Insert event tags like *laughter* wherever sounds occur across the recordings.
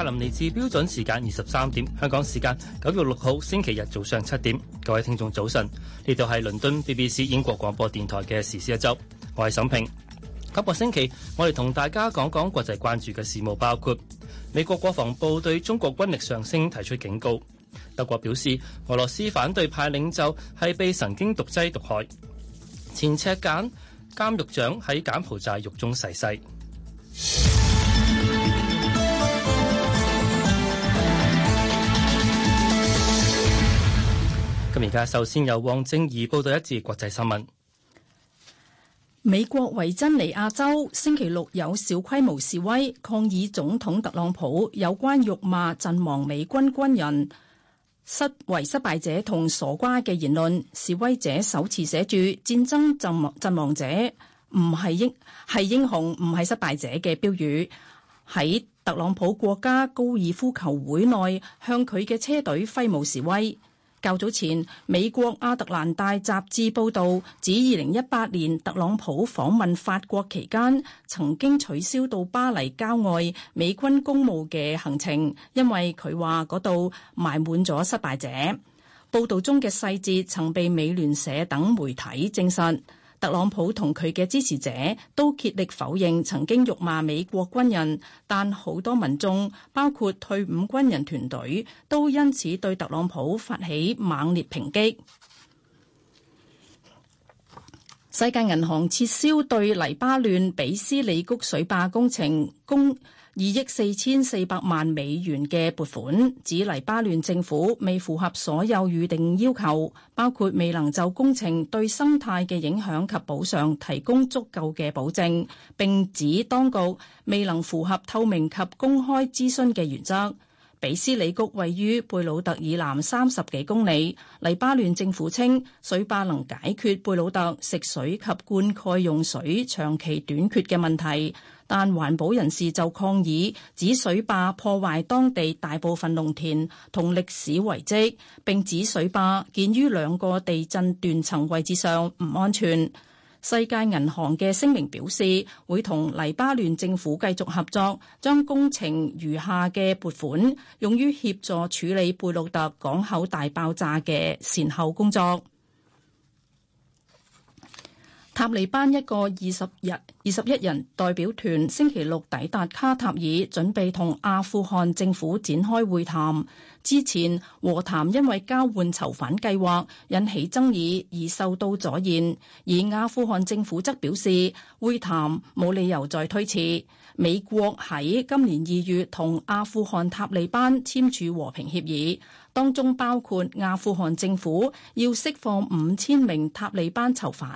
格林尼治標準時間二十三點，香港時間九月六號星期日早上七點。各位聽眾早晨，呢度係倫敦 BBC 英國廣播電台嘅時事一周，我係沈平。今個星期我哋同大家講講國際關注嘅事務，包括美國國防部對中國軍力上升提出警告；德國表示俄羅斯反對派領袖係被神經毒劑毒害；前赤柬監獄長喺柬埔寨獄中逝世。首先由汪正怡報道一節國際新聞。美國維珍尼亞州星期六有小規模示威，抗議總統特朗普有關辱罵陣亡美軍軍人、失為失敗者同傻瓜嘅言論。示威者首次寫住“戰爭陣亡陣亡者唔係英係英雄，唔係失敗者”嘅標語，喺特朗普國家高爾夫球會內向佢嘅車隊揮舞示威。較早前，美國亞特蘭大雜誌報道指，二零一八年特朗普訪問法國期間，曾經取消到巴黎郊外美軍公墓嘅行程，因為佢話嗰度埋滿咗失敗者。報道中嘅細節曾被美聯社等媒體證實。特朗普同佢嘅支持者都竭力否認曾經辱罵美國軍人，但好多民眾，包括退伍軍人團隊，都因此對特朗普發起猛烈抨擊。世界銀行撤銷對黎巴嫩比斯里谷水壩工程供。二億四千四百萬美元嘅撥款，指黎巴嫩政府未符合所有預定要求，包括未能就工程對生態嘅影響及補償提供足夠嘅保證，並指當局未能符合透明及公開諮詢嘅原則。比斯里谷位於貝魯特以南三十幾公里，黎巴嫩政府稱水壩能解決貝魯特食水及灌溉用水長期短缺嘅問題。但環保人士就抗議，指水壩破壞當地大部分農田同歷史遺跡，並指水壩建於兩個地震斷層位置上唔安全。世界銀行嘅聲明表示，會同黎巴嫩政府繼續合作，將工程餘下嘅撥款用於協助處理貝魯特港口大爆炸嘅善後工作。塔利班一個二十日、二十一人代表團星期六抵達卡塔爾，準備同阿富汗政府展開會談。之前和談因為交換囚犯計劃引起爭議而受到阻延，而阿富汗政府則表示會談冇理由再推遲。美國喺今年二月同阿富汗塔利班簽署和平協議。當中包括阿富汗政府要釋放五千名塔利班囚犯，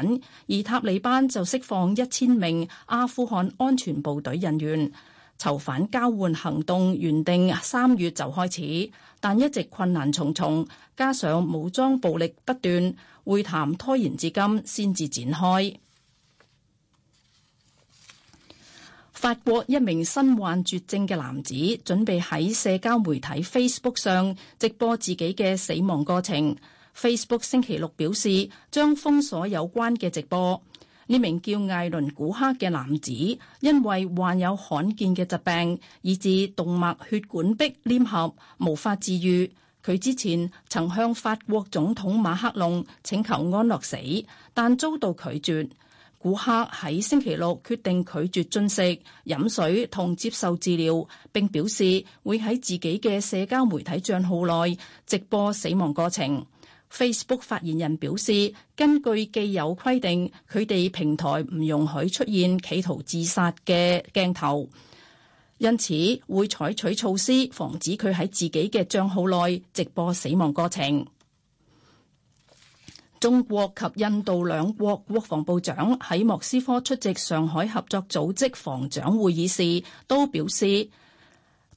而塔利班就釋放一千名阿富汗安全部隊人員。囚犯交換行動原定三月就開始，但一直困難重重，加上武裝暴力不斷，會談拖延至今先至展開。法國一名身患絕症嘅男子準備喺社交媒體 Facebook 上直播自己嘅死亡過程。Facebook 星期六表示將封鎖有關嘅直播。呢名叫艾倫古克嘅男子因為患有罕見嘅疾病，以致動脈血管壁黏合，無法治癒。佢之前曾向法國總統馬克龍請求安樂死，但遭到拒絕。古克喺星期六決定拒絕進食、飲水同接受治療，並表示會喺自己嘅社交媒體帳號內直播死亡過程。Facebook 發言人表示，根據既有規定，佢哋平台唔容許出現企圖自殺嘅鏡頭，因此會採取措施防止佢喺自己嘅帳號內直播死亡過程。中國及印度兩國國防部長喺莫斯科出席上海合作組織防長會議時，都表示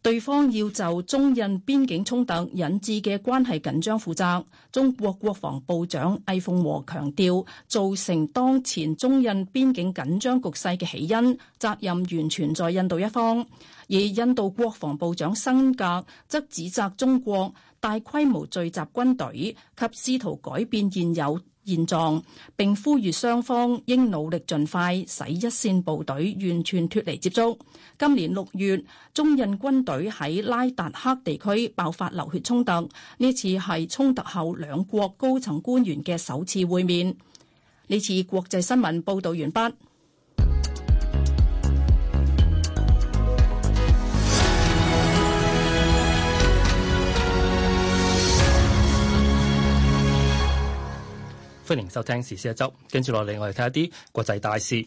對方要就中印邊境衝突引致嘅關係緊張負責。中國國防部長魏鳳和強調，造成當前中印邊境緊張局勢嘅起因，責任完全在印度一方。而印度國防部長辛格則指責中國。大規模聚集軍隊及試圖改變現有現狀，並呼籲雙方應努力盡快使一線部隊完全脱離接觸。今年六月，中印軍隊喺拉達克地區爆發流血衝突，呢次係衝突後兩國高層官員嘅首次會面。呢次國際新聞報道完畢。歡迎收聽時事一周，跟住落嚟我哋睇下啲國際大事。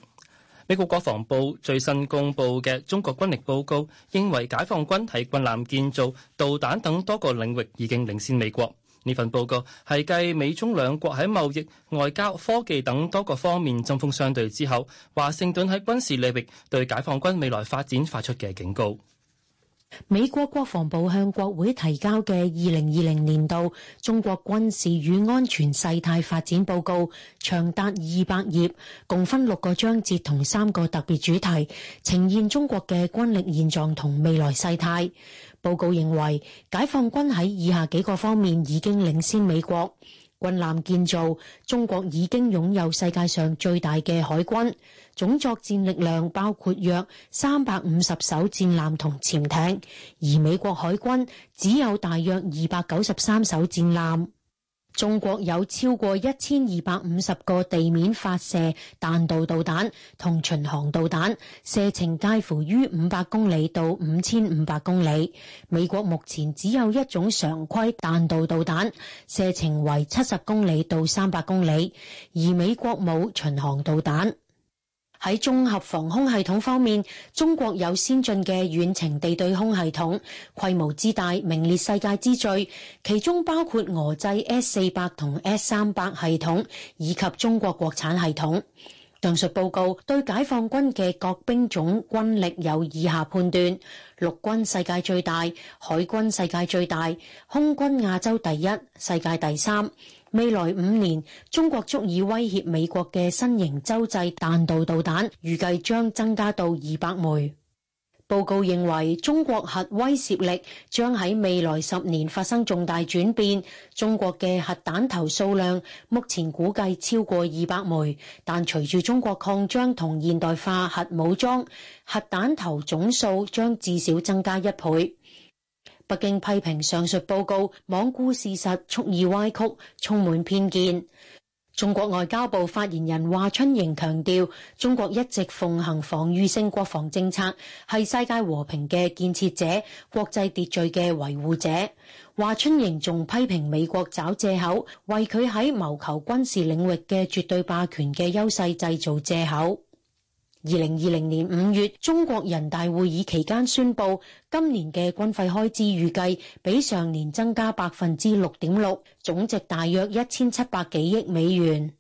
美國國防部最新公布嘅中國軍力報告，認為解放軍喺軍艦建造、導彈等多個領域已經領先美國。呢份報告係繼美中兩國喺貿易、外交、科技等多個方面針鋒相對之後，華盛頓喺軍事領域對解放軍未來發展發出嘅警告。美國國防部向國會提交嘅二零二零年度中國軍事與安全勢態發展報告，長達二百頁，共分六個章節同三個特別主題，呈現中國嘅軍力現狀同未來勢態。報告認為，解放軍喺以下幾個方面已經領先美國。軍艦建造，中國已經擁有世界上最大嘅海軍，總作戰力量包括約三百五十艘戰艦同潛艇，而美國海軍只有大約二百九十三艘戰艦。中國有超過一千二百五十個地面發射彈道導彈同巡航導彈，射程介乎於五百公里到五千五百公里。美國目前只有一種常規彈道導彈，射程為七十公里到三百公里，而美國冇巡航導彈。喺綜合防空系統方面，中國有先進嘅遠程地對空系統，規模之大，名列世界之最。其中包括俄製 S 四百同 S 三百系統，以及中國國產系統。上述報告對解放軍嘅各兵種軍力有以下判斷：陸軍世界最大，海軍世界最大，空軍亞洲第一，世界第三。未來五年，中國足以威脅美國嘅新型洲際彈道導彈，預計將增加到二百枚。報告認為，中國核威懾力將喺未來十年發生重大轉變。中國嘅核彈頭數量目前估計超過二百枚，但隨住中國擴張同現代化核武裝，核彈頭總數將至少增加一倍。北京批評上述報告罔顧事實，蓄意歪曲，充滿偏見。中國外交部發言人華春瑩強調，中國一直奉行防禦性國防政策，係世界和平嘅建設者，國際秩序嘅維護者。華春瑩仲批評美國找藉口，為佢喺謀求軍事領域嘅絕對霸權嘅優勢製造藉口。二零二零年五月，中國人大會議期間宣布，今年嘅軍費開支預計比上年增加百分之六點六，總值大約一千七百幾億美元。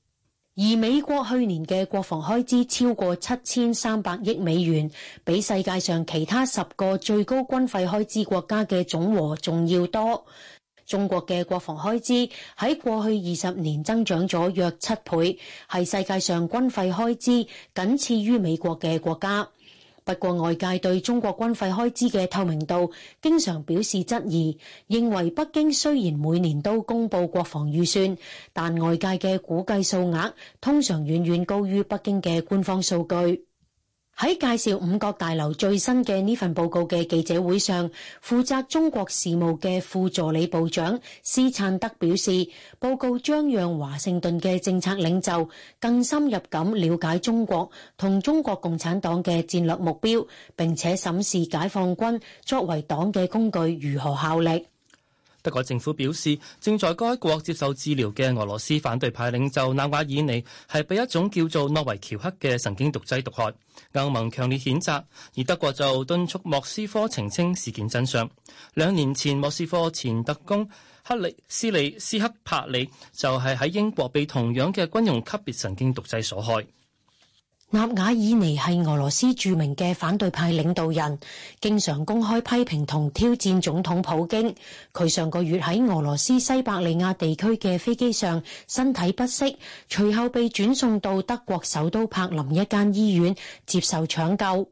而美國去年嘅國防開支超過七千三百億美元，比世界上其他十個最高軍費開支國家嘅總和仲要多。中國嘅國防開支喺過去二十年增長咗約七倍，係世界上軍費開支僅次於美國嘅國家。不過外界對中國軍費開支嘅透明度經常表示質疑，認為北京雖然每年都公布國防預算，但外界嘅估計數額通常遠遠高於北京嘅官方數據。喺介紹五角大樓最新嘅呢份報告嘅記者會上，負責中國事務嘅副助理部長施燦德表示，報告將讓華盛頓嘅政策領袖更深入咁了解中國同中國共產黨嘅戰略目標，並且審視解放軍作為黨嘅工具如何效力。德國政府表示，正在該國接受治療嘅俄羅斯反對派領袖納瓦爾尼係被一種叫做諾維喬克嘅神經毒劑毒害。歐盟強烈譴責，而德國就敦促莫斯科澄清事件真相。兩年前，莫斯科前特工克里斯里斯克帕里就係喺英國被同樣嘅軍用級別神經毒劑所害。納瓦爾尼係俄羅斯著名嘅反對派領導人，經常公開批評同挑戰總統普京。佢上個月喺俄羅斯西伯利亞地區嘅飛機上身體不適，隨後被轉送到德國首都柏林一間醫院接受搶救。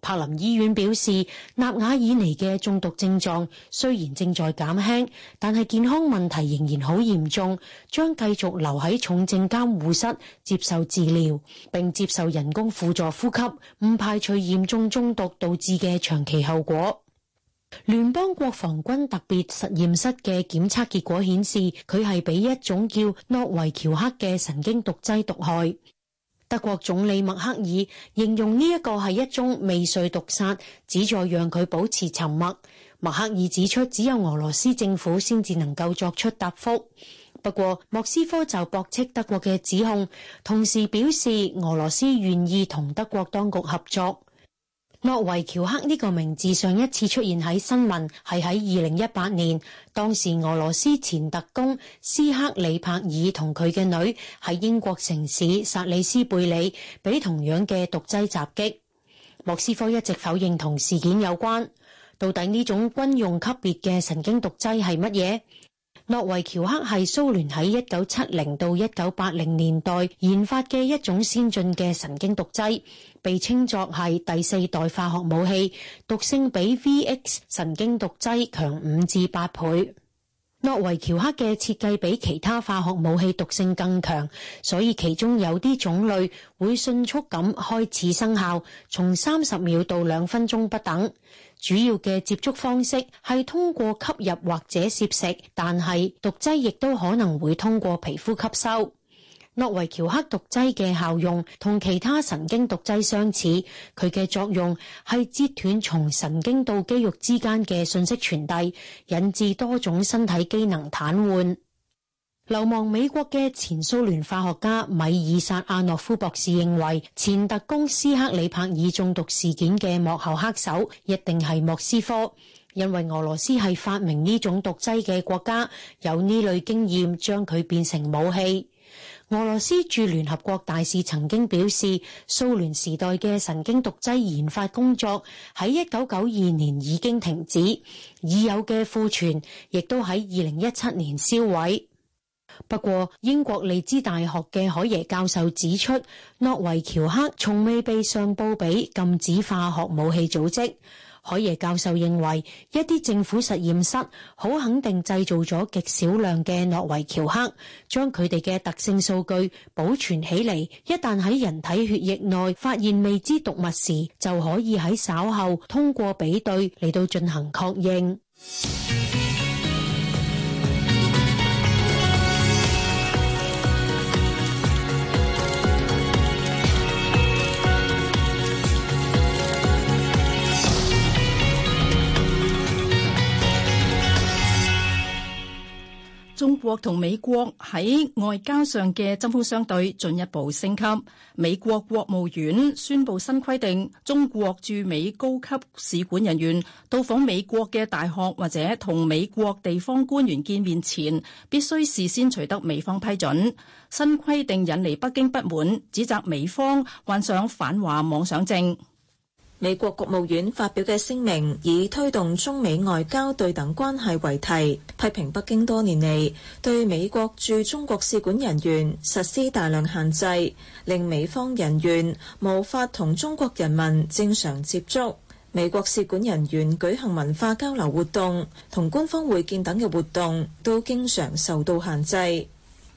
柏林醫院表示，納瓦爾尼嘅中毒症狀雖然正在減輕，但係健康問題仍然好嚴重，將繼續留喺重症監護室接受治療，並接受人工輔助呼吸，唔排除嚴重中毒導致嘅長期後果。聯邦國防軍特別實驗室嘅檢測結果顯示，佢係俾一種叫諾維喬克嘅神經毒劑毒害。德國總理默克爾形容呢一個係一宗未遂毒殺，旨在讓佢保持沉默。默克爾指出，只有俄羅斯政府先至能夠作出答覆。不過，莫斯科就駁斥德國嘅指控，同時表示俄羅斯願意同德國當局合作。諾維喬克呢個名字上一次出現喺新聞，係喺二零一八年，當時俄羅斯前特工斯克里帕爾同佢嘅女喺英國城市薩里斯貝里俾同樣嘅毒劑襲擊。莫斯科一直否認同事件有關。到底呢種軍用級別嘅神經毒劑係乜嘢？諾維喬克係蘇聯喺一九七零到一九八零年代研發嘅一種先進嘅神經毒劑，被稱作係第四代化學武器，毒性比 VX 神經毒劑強五至八倍。諾維喬克嘅設計比其他化學武器毒性更強，所以其中有啲種類會迅速咁開始生效，從三十秒到兩分鐘不等。主要嘅接觸方式係通過吸入或者攝食，但係毒劑亦都可能會通過皮膚吸收。諾維喬克毒劑嘅效用同其他神經毒劑相似，佢嘅作用係截斷從神經到肌肉之間嘅信息傳遞，引致多種身體機能癱瘓。流亡美國嘅前蘇聯化學家米爾薩阿諾夫博士認為，前特工斯克里帕爾中毒事件嘅幕後黑手一定係莫斯科，因為俄羅斯係發明呢種毒劑嘅國家，有呢類經驗將佢變成武器。俄羅斯駐聯合國大使曾經表示，蘇聯時代嘅神經毒劑研發工作喺一九九二年已經停止，已有嘅庫存亦都喺二零一七年銷毀。不過，英國利茲大學嘅海耶教授指出，諾維喬克從未被上報俾禁止化學武器組織。海耶教授認為，一啲政府實驗室好肯定製造咗極少量嘅諾維喬克，將佢哋嘅特性數據保存起嚟，一旦喺人體血液內發現未知毒物時，就可以喺稍後通過比對嚟到進行確認。中國同美國喺外交上嘅針鋒相對進一步升級。美國國務院宣布新規定，中國駐美高級使館人員到訪美國嘅大學或者同美國地方官員見面前，必須事先取得美方批准。新規定引嚟北京不滿，指責美方患上反華妄想症。美國國務院發表的聲明，以推動中美外交對等關係為題，批評北京多年來對美國駐中國使館人員實施大量限制，令美方人員無法同中國人民正常接觸。美國使館人員舉行文化交流活動同官方會見等的活動都經常受到限制，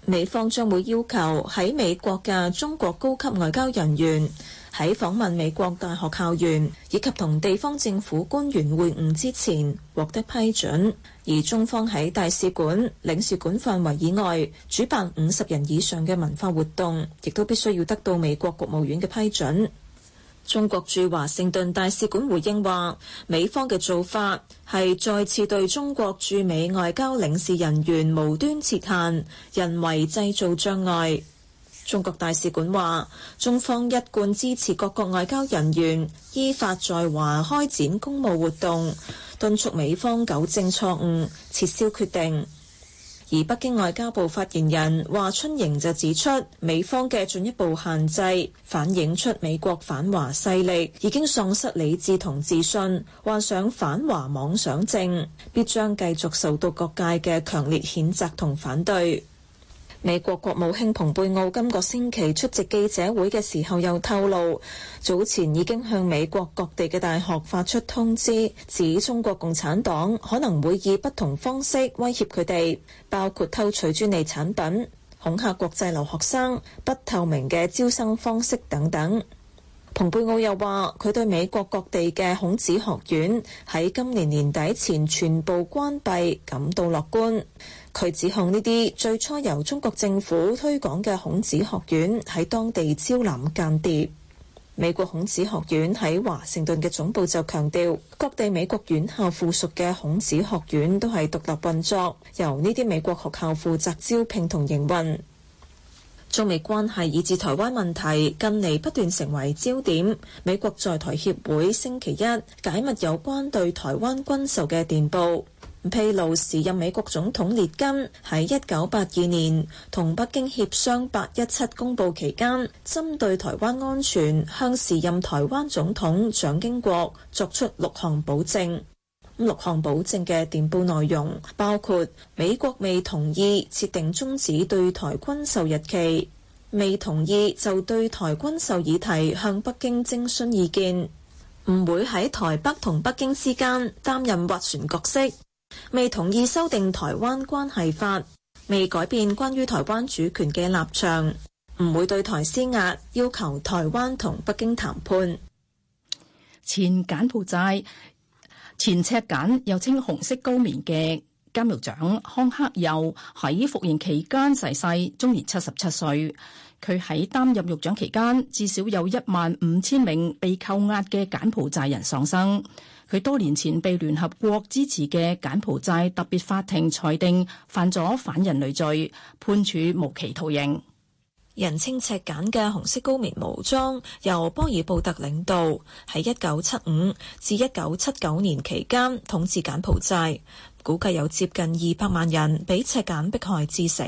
美方將會要求在美國的中國高級外交人員喺訪問美國大學校園以及同地方政府官員會晤之前獲得批准，而中方喺大使館、領事館範圍以外主辦五十人以上嘅文化活動，亦都必須要得到美國國務院嘅批准。中國駐華盛頓大使館回應話：美方嘅做法係再次對中國駐美外交領事人員無端設限，人為製造障礙。中國大使館話，中方一貫支持各國外交人員依法在華開展公務活動，敦促美方糾正錯誤，撤銷決定。而北京外交部發言人華春瑩就指出，美方嘅進一步限制，反映出美國反華勢力已經喪失理智同自信，患上反華妄想症，必將繼續受到各界嘅強烈譴責同反對。美國國務卿蓬佩奧今個星期出席記者會嘅時候，又透露早前已經向美國各地嘅大學發出通知，指中國共產黨可能會以不同方式威脅佢哋，包括偷取專利產品、恐嚇國際留學生、不透明嘅招生方式等等。蓬佩奧又話，佢對美國各地嘅孔子學院喺今年年底前全部關閉感到樂觀。佢指控呢啲最初由中國政府推廣嘅孔子學院喺當地招攬間諜。美國孔子學院喺華盛頓嘅總部就強調，各地美國院校附屬嘅孔子學院都係獨立運作，由呢啲美國學校負責招，招聘同營運。中美關係以至台灣問題近嚟不斷成為焦點，美國在台協會星期一解密有關對台灣軍售嘅電報。披露時任美國總統列根喺一九八二年同北京協商八一七公報期間，針對台灣安全向時任台灣總統蔣經國作出六項保證。六項保證嘅電報內容包括：美國未同意設定終止對台軍售日期，未同意就對台軍售議題向北京徵詢意見，唔會喺台北同北京之間擔任斡旋角色。未同意修訂台灣關係法，未改變關於台灣主權嘅立場，唔會對台施壓，要求台灣同北京談判。前柬埔寨前赤柬又稱紅色高棉嘅監獄長康克由喺服刑期間逝世，終年七十七歲。佢喺擔任獄長期間，至少有一萬五千名被扣押嘅柬埔寨人喪生。佢多年前被聯合國支持嘅柬埔寨特別法庭裁定犯咗反人類罪，判處無期徒刑。人稱赤柬嘅紅色高棉武裝由波爾布特領導，喺一九七五至一九七九年期間統治柬埔寨，估計有接近二百萬人被赤柬迫害致死。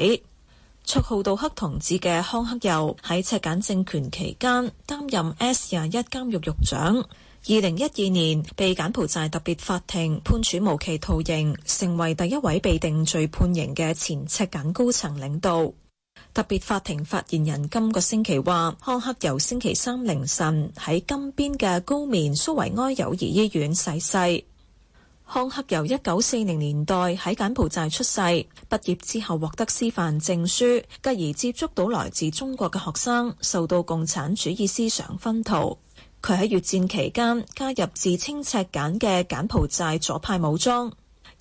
綽號道克同志嘅康克由喺赤柬政權期間擔任 S 廿一監獄獄長。二零一二年被柬埔寨特別法庭判處無期徒刑，成為第一位被定罪判刑嘅前赤柬高層領導。特別法庭發言人今個星期話：康克由星期三凌晨喺金邊嘅高棉蘇維埃友誼醫院逝世。康克由一九四零年代喺柬埔寨出世，畢業之後獲得師範證書，繼而接觸到來自中國嘅學生，受到共產主義思想薰陶。佢喺越戰期間加入自稱赤柬嘅柬埔寨左派武裝。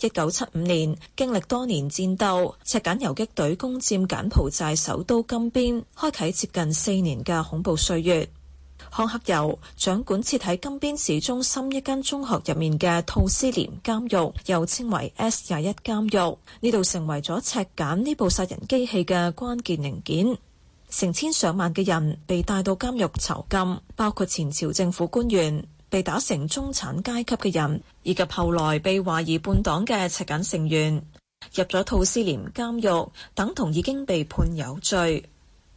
一九七五年，經歷多年戰鬥，赤柬游擊隊攻占柬,柬埔寨首都金邊，開啟接近四年嘅恐怖歲月。康克由掌管設喺金邊市中心一間中學入面嘅兔斯廉監獄，又稱為 S 廿一監獄，呢度成為咗赤柬呢部殺人機器嘅關鍵零件。成千上萬嘅人被帶到監獄囚禁，包括前朝政府官員、被打成中產階級嘅人，以及後來被懷疑叛黨嘅赤柬成員，入咗吐斯廉監獄，等同已經被判有罪。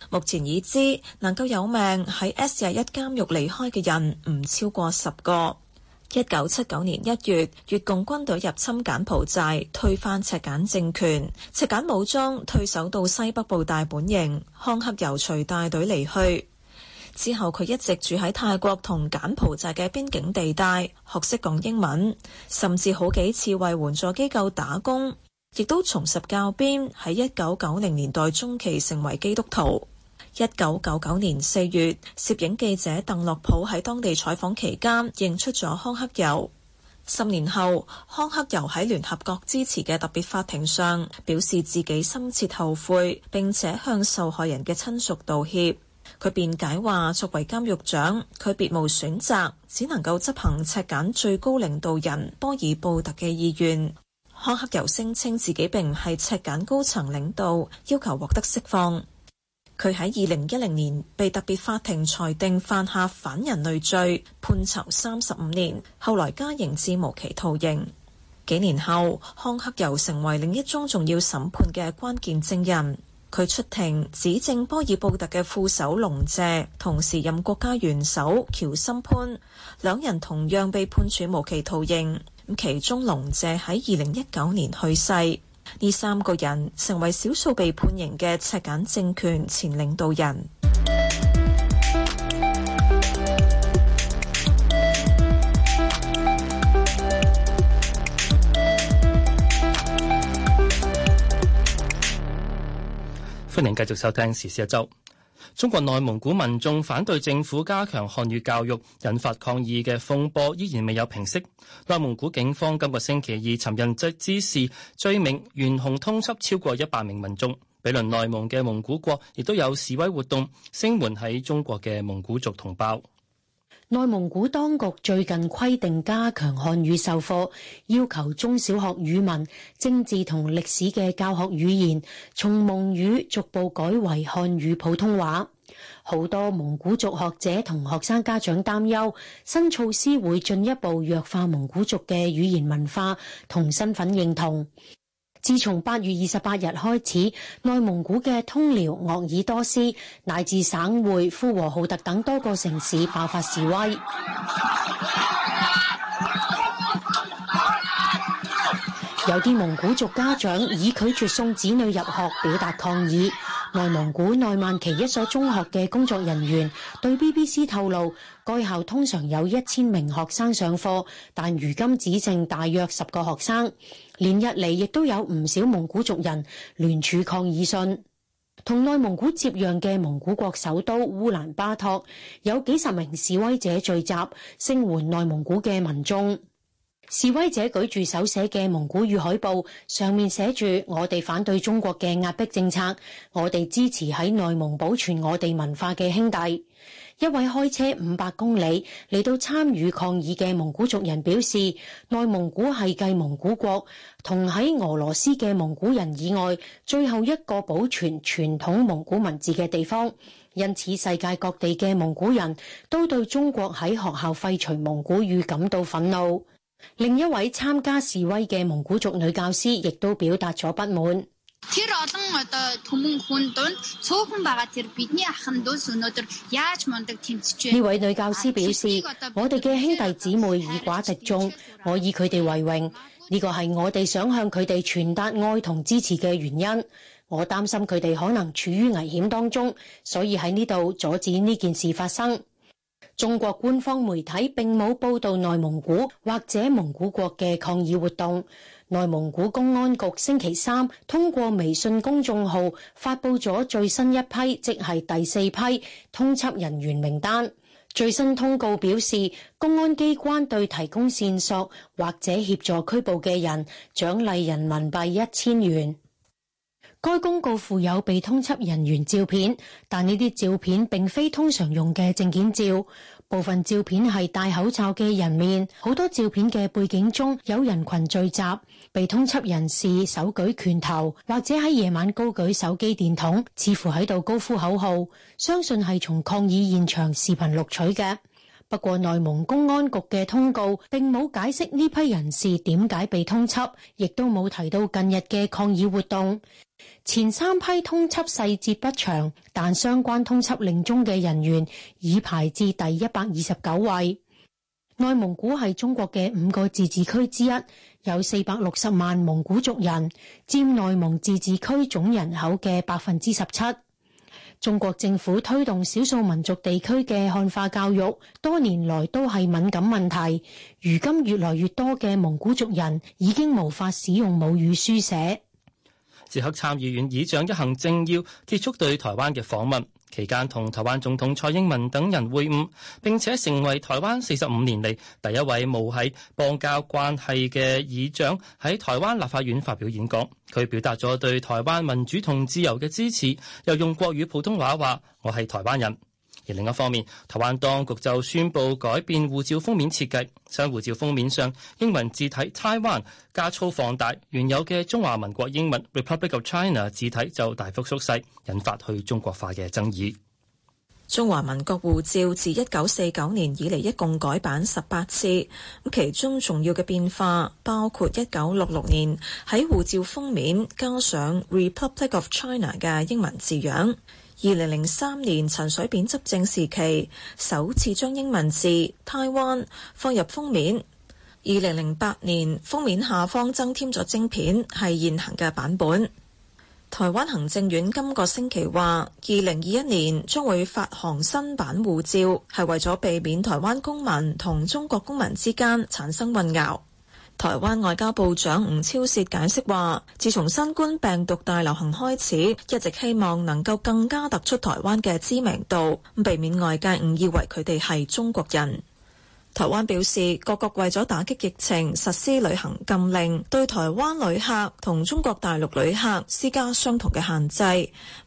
目前已知能夠有命喺 S 廿一監獄離開嘅人唔超過十個。一九七九年一月，越共軍隊入侵柬埔寨，推翻赤柬政權。赤柬武裝退守到西北部大本營，康克由隨大隊離去。之後，佢一直住喺泰國同柬埔寨嘅邊境地帶，學識講英文，甚至好幾次為援助機構打工，亦都重拾教鞭。喺一九九零年代中期成為基督徒。一九九九年四月，攝影記者鄧洛普喺當地採訪期間認出咗康克由。十年後，康克由喺聯合國支持嘅特別法庭上表示自己深切後悔，並且向受害人嘅親屬道歉。佢辯解話，作為監獄長，佢別無選擇，只能夠執行赤柬最高領導人波爾布特嘅意願。康克由聲稱自己並唔係赤柬高層領導，要求獲得釋放。佢喺二零一零年被特別法庭裁定犯下反人類罪，判囚三十五年，後來加刑至無期徒刑。幾年後，康克尤成為另一宗重要審判嘅關鍵證人。佢出庭指證波爾布特嘅副手農謝，同時任國家元首喬森潘，兩人同樣被判處無期徒刑。其中農謝喺二零一九年去世。呢三個人成為少數被判刑嘅赤柬政權前領導人。歡迎繼續收聽《時事一周》。中國內蒙古民眾反對政府加強漢語教育，引發抗議嘅風波依然未有平息。內蒙古警方今個星期二尋釁滋事之罪名，原紅通緝超過一百名民眾。比鄰內蒙嘅蒙古國亦都有示威活動，聲援喺中國嘅蒙古族同胞。內蒙古當局最近規定加強漢語授課，要求中小學語文、政治同歷史嘅教學語言從蒙語逐步改為漢語普通話。好多蒙古族學者同學生家長擔憂，新措施會進一步弱化蒙古族嘅語言文化同身份認同。自從八月二十八日開始，內蒙古嘅通遼、鄂爾多斯乃至省會呼和浩特等多個城市爆發示威，有啲蒙古族家長以拒絕送子女入學表達抗議。內蒙古奈曼旗一所中學嘅工作人員對 BBC 透露，該校通常有一千名學生上課，但如今只剩大約十個學生。連日嚟亦都有唔少蒙古族人聯署抗議信。同內蒙古接壤嘅蒙古國首都烏蘭巴托，有幾十名示威者聚集，聲援內蒙古嘅民眾。示威者舉住手寫嘅蒙古語海報，上面寫住：我哋反對中國嘅壓迫政策，我哋支持喺內蒙古保存我哋文化嘅兄弟。一位開車五百公里嚟到參與抗議嘅蒙古族人表示：內蒙古係繼蒙古國同喺俄羅斯嘅蒙古人以外，最後一個保存傳統蒙古文字嘅地方。因此，世界各地嘅蒙古人都對中國喺學校廢除蒙古語感到憤怒。另一位參加示威嘅蒙古族女教師亦都表達咗不滿。呢 *noise* 位女教師表示：， *noise* 我哋嘅兄弟姊妹以寡敵眾，我以佢哋為榮。呢個係我哋想向佢哋傳達愛同支持嘅原因。我擔心佢哋可能處於危險當中，所以喺呢度阻止呢件事發生。中國官方媒體並冇報道內蒙古或者蒙古國嘅抗議活動。內蒙古公安局星期三通過微信公眾號發布咗最新一批，即係第四批通緝人員名單。最新通告表示，公安機關對提供線索或者協助拘捕嘅人，獎勵人民幣一千元。該公告附有被通緝人員照片，但呢啲照片並非通常用嘅證件照，部分照片係戴口罩嘅人面，好多照片嘅背景中有人群聚集，被通緝人士手舉拳頭或者喺夜晚高舉手機電筒，似乎喺度高呼口號，相信係從抗議現場視頻錄取嘅。不過內蒙古公安局嘅通告並冇解釋呢批人士點解被通緝，亦都冇提到近日嘅抗議活動。前三批通緝細節不詳，但相關通緝令中嘅人員已排至第一百二十九位。內蒙古係中國嘅五個自治區之一，有四百六十萬蒙古族人，佔內蒙古自治區總人口嘅百分之十七。中國政府推動少數民族地區嘅漢化教育，多年來都係敏感問題。如今越來越多嘅蒙古族人已經無法使用母語書寫。捷克參議院議長一行正要結束對台灣嘅訪問。期間同台灣總統蔡英文等人會晤，並且成為台灣四十五年嚟第一位無係邦交關係嘅議長喺台灣立法院發表演講。佢表達咗對台灣民主同自由嘅支持，又用國語普通話話：我係台灣人。而另一方面，台灣當局就宣布改變護照封面設計，將護照封面上英文字體「Taiwan」加粗放大，原有嘅中華民國英文「Republic of China」字體就大幅縮細，引發去中國化嘅爭議。中華民國護照自一九四九年以來，一共改版十八次，咁其中重要嘅變化包括一九六六年喺護照封面加上 Republic of China 嘅英文字樣。二零零三年陳水扁執政時期首次將英文字 Taiwan 放入封面。二零零八年封面下方增添咗晶片，係現行嘅版本。台灣行政院今個星期話，二零二一年將會發行新版護照，係為咗避免台灣公民同中國公民之間產生混淆。台灣外交部長吳釗燮解釋話：自從新冠病毒大流行開始，一直希望能夠更加突出台灣嘅知名度，避免外界誤以為佢哋係中國人。台灣表示，各國為咗打擊疫情，實施旅行禁令，對台灣旅客同中國大陸旅客施加相同嘅限制。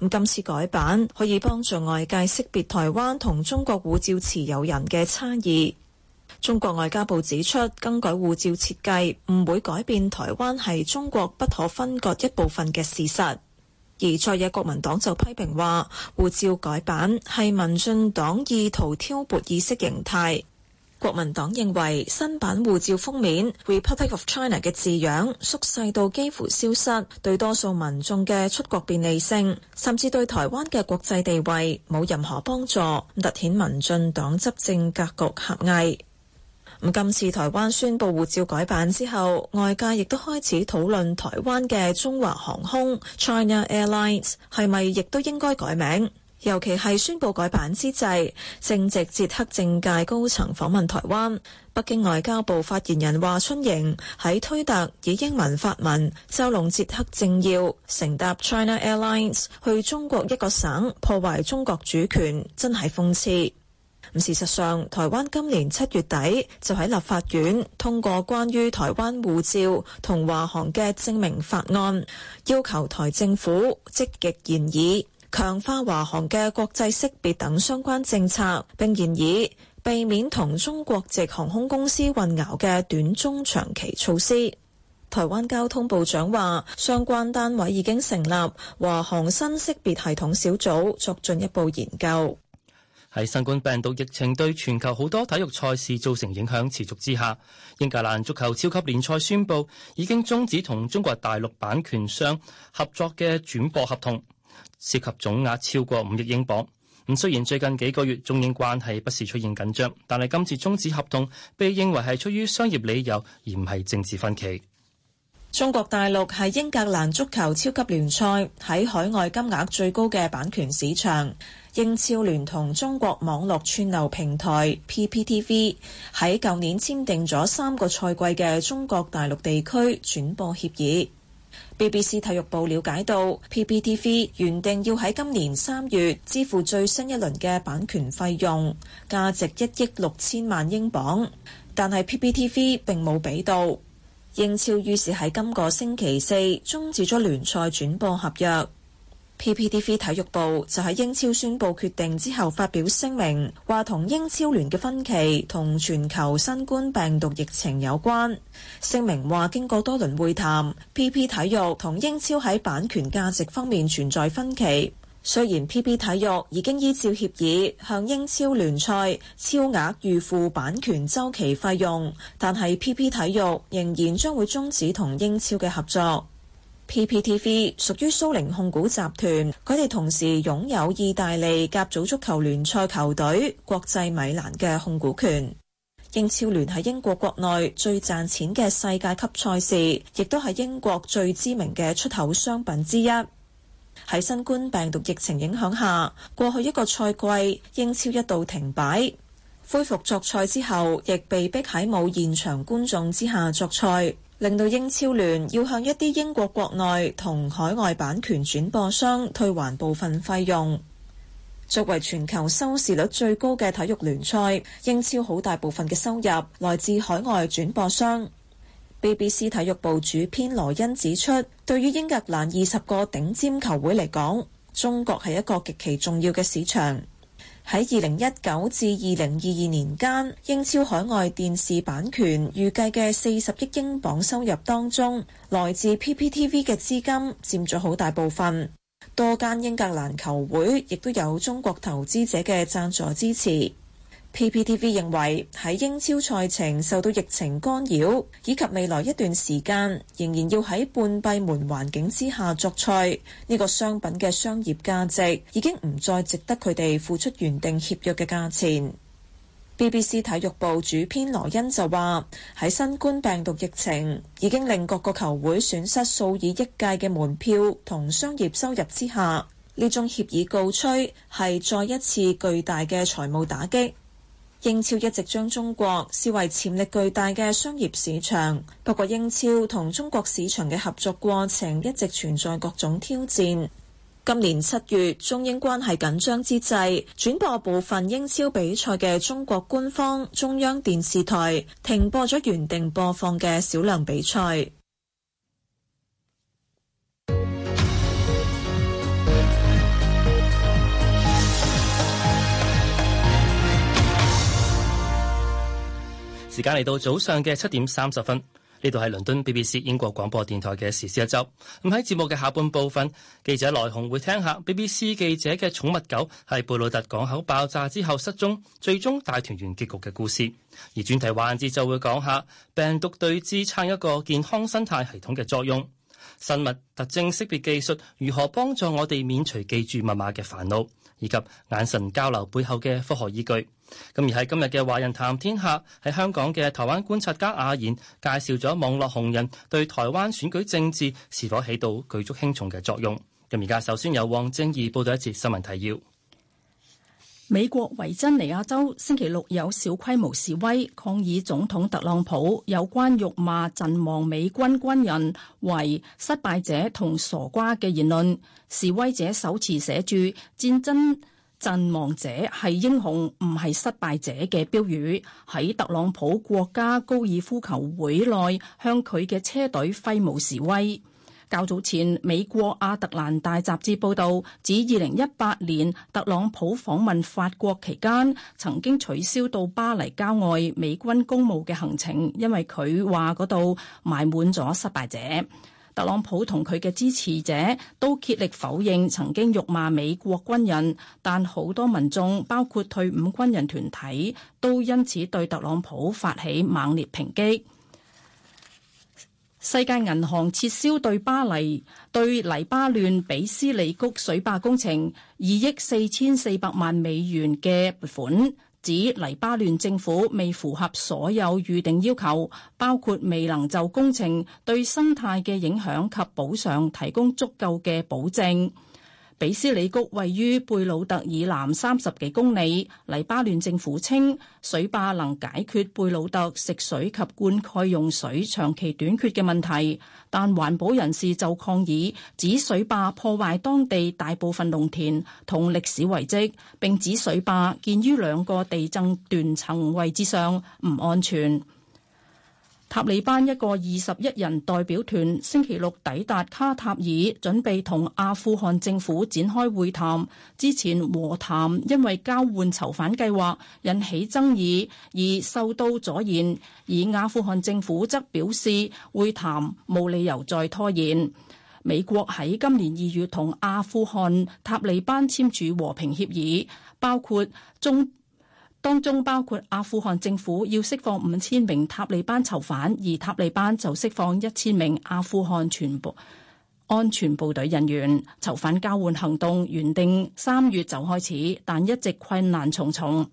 咁今次改版可以幫助外界識別台灣同中國護照持有人嘅差異。中國外交部指出，更改護照設計唔會改變台灣係中國不可分割一部分嘅事實。而在野國民黨就批評話，護照改版係民進黨意圖挑撥意識形態。國民黨認為，新版護照封面 “Republic of China” 嘅字樣縮細到幾乎消失，對多數民眾嘅出國便利性，甚至對台灣嘅國際地位冇任何幫助，凸顯民進黨執政格局狹隘。咁今次台灣宣布護照改版之後，外界亦都開始討論台灣嘅中華航空 China Airlines 係咪亦都應該改名，尤其係宣布改版之際，正值捷克政界高層訪問台灣。北京外交部發言人華春瑩喺推特以英文發文：嘲弄捷克政要乘搭 China Airlines 去中國一個省破壞中國主權，真係諷刺。事實上，台灣今年七月底就喺立法院通過關於台灣護照同華航嘅證明法案，要求台政府積極研議，強化華航嘅國際識別等相關政策，並研議避免同中國籍航空公司混淆嘅短中長期措施。台灣交通部長話，相關單位已經成立華航新識別系統小組，作進一步研究。喺新冠病毒疫情對全球好多體育賽事造成影響持續之下，英格蘭足球超級聯賽宣佈已經終止同中國大陸版權商合作嘅轉播合同，涉及總額超過五億英鎊。咁雖然最近幾個月中英關係不時出現緊張，但係今次終止合同被認為係出於商業理由，而唔係政治分歧。中國大陸係英格蘭足球超級聯賽喺海外金額最高嘅版權市場。英超聯同中國網絡串流平台 PPTV 喺舊年簽訂咗三個賽季嘅中國大陸地區轉播協議。BBC 體育部了解到，PPTV 原定要喺今年三月支付最新一輪嘅版權費用，價值一億六千萬英鎊，但係 PPTV 並冇俾到，英超於是喺今個星期四終止咗聯賽轉播合約。PPTV 體育部就喺英超宣布決定之後發表聲明，話同英超聯嘅分歧同全球新冠病毒疫情有關。聲明話，經過多輪會談，PP 體育同英超喺版權價值方面存在分歧。雖然 PP 體育已經依照協議向英超聯賽超額預付版權周期費用，但係 PP 體育仍然將會終止同英超嘅合作。PPTV 屬於蘇寧控股集團，佢哋同時擁有意大利甲組足球聯賽球隊國際米蘭嘅控股權。英超聯係英國國內最賺錢嘅世界級賽事，亦都係英國最知名嘅出口商品之一。喺新冠病毒疫情影響下，過去一個賽季英超一度停擺，恢復作賽之後，亦被逼喺冇現場觀眾之下作賽。令到英超聯要向一啲英國國內同海外版權轉播商退還部分費用。作為全球收視率最高嘅體育聯賽，英超好大部分嘅收入來自海外轉播商。BBC 體育部主編羅恩指出，對於英格蘭二十個頂尖球會嚟講，中國係一個極其重要嘅市場。喺二零一九至二零二二年間，英超海外電視版權預計嘅四十億英鎊收入當中，來自 PPTV 嘅資金佔咗好大部分。多間英格蘭球會亦都有中國投資者嘅贊助支持。PPTV 認為喺英超賽程受到疫情干擾，以及未來一段時間仍然要喺半閉門環境之下作賽，呢、這個商品嘅商業價值已經唔再值得佢哋付出原定協約嘅價錢。BBC 體育部主編羅恩就話：喺新冠病毒疫情已經令各個球會損失數以億計嘅門票同商業收入之下，呢種協議告吹係再一次巨大嘅財務打擊。英超一直將中國視為潛力巨大嘅商業市場，不過英超同中國市場嘅合作過程一直存在各種挑戰。今年七月，中英關係緊張之際，轉播部分英超比賽嘅中國官方中央電視台停播咗原定播放嘅少量比賽。時間嚟到早上嘅七點三十分，呢度係倫敦 BBC 英國廣播電台嘅時事一周。咁喺節目嘅下半部分，記者來鴻會聽下 BBC 記者嘅寵物狗喺貝魯特港口爆炸之後失蹤，最終大團圓結局嘅故事。而專題環節就會講下病毒對支撐一個健康生態系統嘅作用、生物特徵識別技術如何幫助我哋免除記住密碼嘅煩惱，以及眼神交流背後嘅科學依據。咁而喺今日嘅華人談天下，喺香港嘅台灣觀察家阿賢介紹咗網絡紅人對台灣選舉政治是否起到舉足輕重嘅作用。咁而家首先由汪正義報道一節新聞提要：美國維珍尼亞州星期六有小規模示威，抗議總統特朗普有關辱罵陣亡美軍軍人為失敗者同傻瓜嘅言論。示威者手持寫住“戰爭”。陣亡者係英雄，唔係失敗者嘅標語喺特朗普國家高爾夫球會內向佢嘅車隊揮舞示威。較早前，美國亞特蘭大雜誌報道，指二零一八年特朗普訪問法國期間，曾經取消到巴黎郊外美軍公墓嘅行程，因為佢話嗰度埋滿咗失敗者。特朗普同佢嘅支持者都竭力否認曾經辱罵美國軍人，但好多民眾，包括退伍軍人團體，都因此對特朗普發起猛烈抨擊。世界銀行撤銷對巴黎、對黎巴嫩比斯利谷水壩工程二億四千四百萬美元嘅撥款，指黎巴嫩政府未符合所有預定要求，包括未能就工程對生態嘅影響及補償提供足夠嘅保證。比斯里谷位於貝魯特以南三十幾公里，黎巴嫩政府稱，水壩能解決貝魯特食水及灌溉用水長期短缺嘅問題，但環保人士就抗議，指水壩破壞當地大部分農田同歷史遺跡，並指水壩建於兩個地震斷層位置上，唔安全。塔利班一個二十一人代表團星期六抵達卡塔爾，準備同阿富汗政府展開會談。之前和談因為交換囚犯計劃引起爭議而受到阻延，而阿富汗政府則表示會談冇理由再拖延。美國喺今年二月同阿富汗塔利班簽署和平協議，包括中。當中包括阿富汗政府要釋放五千名塔利班囚犯，而塔利班就釋放一千名阿富汗全部安全部隊人員。囚犯交換行動原定三月就開始，但一直困難重重。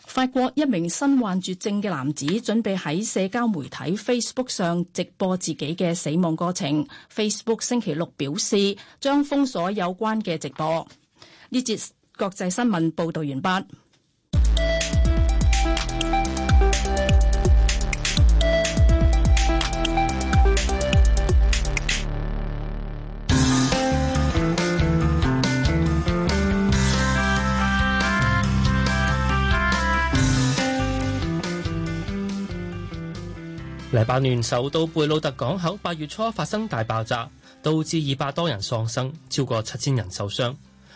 法國一名身患絕症嘅男子準備喺社交媒體 Facebook 上直播自己嘅死亡過程。Facebook 星期六表示，將封鎖有關嘅直播。呢節國際新聞報道完畢。黎巴嫩首都貝魯特港口八月初發生大爆炸，導致二百多人喪生，超過七千人受傷。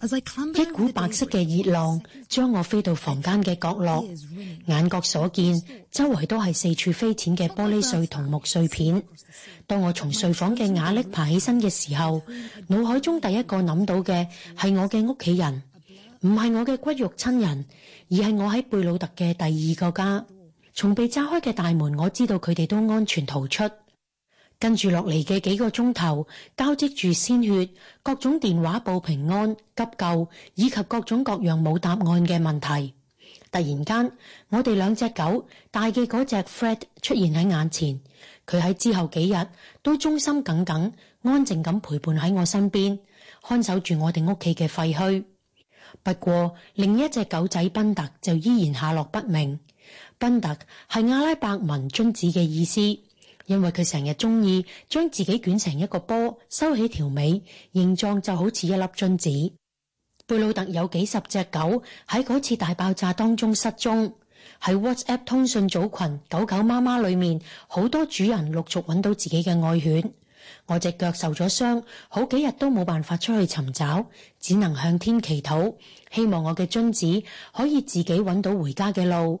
一股白色嘅熱浪將我飛到房間嘅角落，眼角所見，周圍都係四處飛濺嘅玻璃碎同木碎片。當我從睡房嘅瓦礫爬起身嘅時候，腦海中第一個諗到嘅係我嘅屋企人，唔係我嘅骨肉親人，而係我喺貝魯特嘅第二個家。從被炸開嘅大門，我知道佢哋都安全逃出。跟住落嚟嘅幾個鐘頭，交織住鮮血、各種電話報平安、急救以及各種各樣冇答案嘅問題。突然間，我哋兩隻狗大嘅嗰隻 Fred 出現喺眼前，佢喺之後幾日都忠心耿耿，安靜咁陪伴喺我身邊，看守住我哋屋企嘅廢墟。不過另一隻狗仔賓特就依然下落不明。賓特係阿拉伯文終止嘅意思。因為佢成日中意將自己捲成一個波，收起條尾，形狀就好似一粒榛子。貝魯特有幾十隻狗喺嗰次大爆炸當中失蹤，喺 WhatsApp 通訊組群狗狗媽媽裏面，好多主人陸續揾到自己嘅愛犬。我隻腳受咗傷，好幾日都冇辦法出去尋找，只能向天祈禱，希望我嘅榛子可以自己揾到回家嘅路。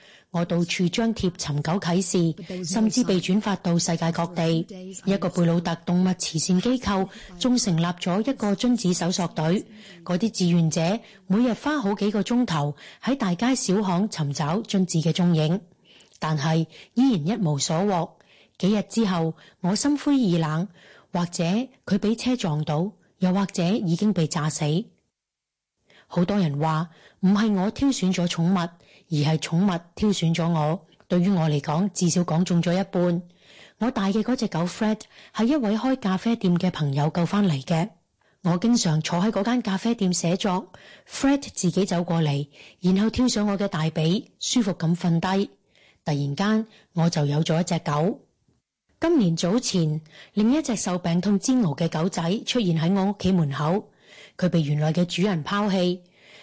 我到處張貼尋狗啟事，甚至被轉發到世界各地。一個貝魯特動物慈善機構仲成立咗一個津子搜索隊，嗰啲志願者每日花好幾個鐘頭喺大街小巷尋找津子嘅蹤影，但係依然一無所獲。幾日之後，我心灰意冷，或者佢俾車撞到，又或者已經被炸死。好多人話唔係我挑選咗寵物，而係寵物挑選咗我，對於我嚟講，至少講中咗一半。我大嘅嗰隻狗 Fred 係一位開咖啡店嘅朋友救翻嚟嘅。我經常坐喺嗰間咖啡店寫作，Fred 自己走過嚟，然後跳上我嘅大髀，舒服咁瞓低。突然間，我就有咗一隻狗。今年早前，另一隻受病痛煎熬嘅狗仔出現喺我屋企門口，佢被原來嘅主人拋棄。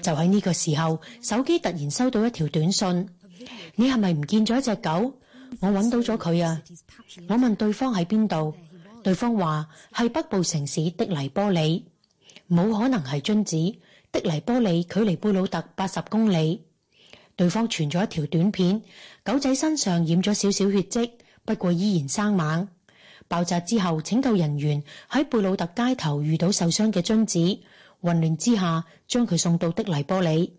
就喺呢個時候，手機突然收到一條短信，你係咪唔見咗一隻狗？我揾到咗佢啊！我問對方喺邊度，對方話係北部城市的黎波里。冇可能係津子。的黎波里距離貝魯特八十公里。對方傳咗一條短片，狗仔身上染咗少少血跡，不過依然生猛。爆炸之後，拯救人員喺貝魯特街頭遇到受傷嘅津子。混亂之下，將佢送到的黎波里。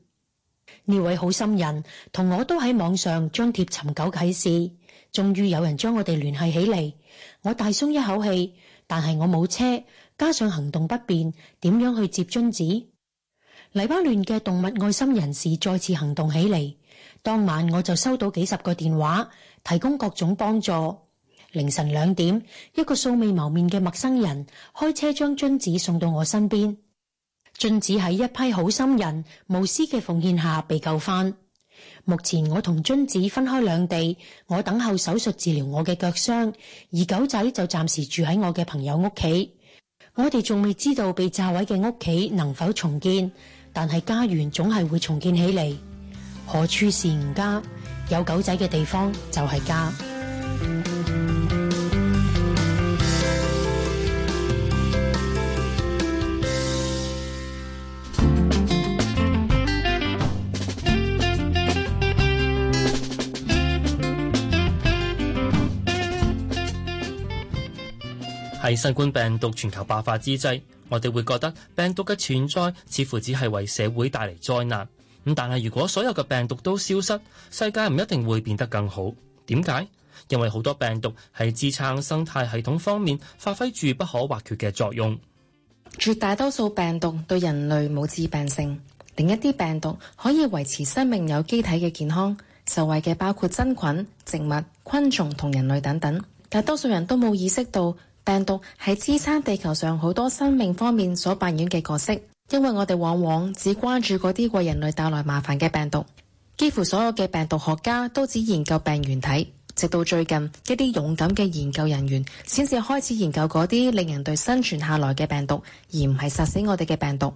呢位好心人同我都喺網上張貼尋狗啟示，終於有人將我哋聯繫起嚟。我大鬆一口氣，但係我冇車，加上行動不便，點樣去接津子？黎巴嫩嘅動物愛心人士再次行動起嚟，當晚我就收到幾十個電話，提供各種幫助。凌晨兩點，一個素未謀面嘅陌生人開車將津子送到我身邊。俊子喺一批好心人無私嘅奉獻下被救翻。目前我同俊子分開兩地，我等候手術治療我嘅腳傷，而狗仔就暫時住喺我嘅朋友屋企。我哋仲未知道被炸毀嘅屋企能否重建，但係家園總係會重建起嚟。何處是吾家？有狗仔嘅地方就係家。喺新冠病毒全球爆發之際，我哋會覺得病毒嘅存在似乎只係為社會帶嚟災難。咁但係如果所有嘅病毒都消失，世界唔一定會變得更好。點解？因為好多病毒係支撐生態系統方面發揮住不可或缺嘅作用。絕大多數病毒對人類冇致病性，另一啲病毒可以維持生命有機體嘅健康。受惠嘅包括真菌、植物、昆蟲同人類等等。大多數人都冇意識到病毒喺支撐地球上好多生命方面所扮演嘅角色，因為我哋往往只關注嗰啲為人類帶來麻煩嘅病毒。幾乎所有嘅病毒學家都只研究病原體，直到最近一啲勇敢嘅研究人員，先至開始研究嗰啲令人類生存下來嘅病毒，而唔係殺死我哋嘅病毒。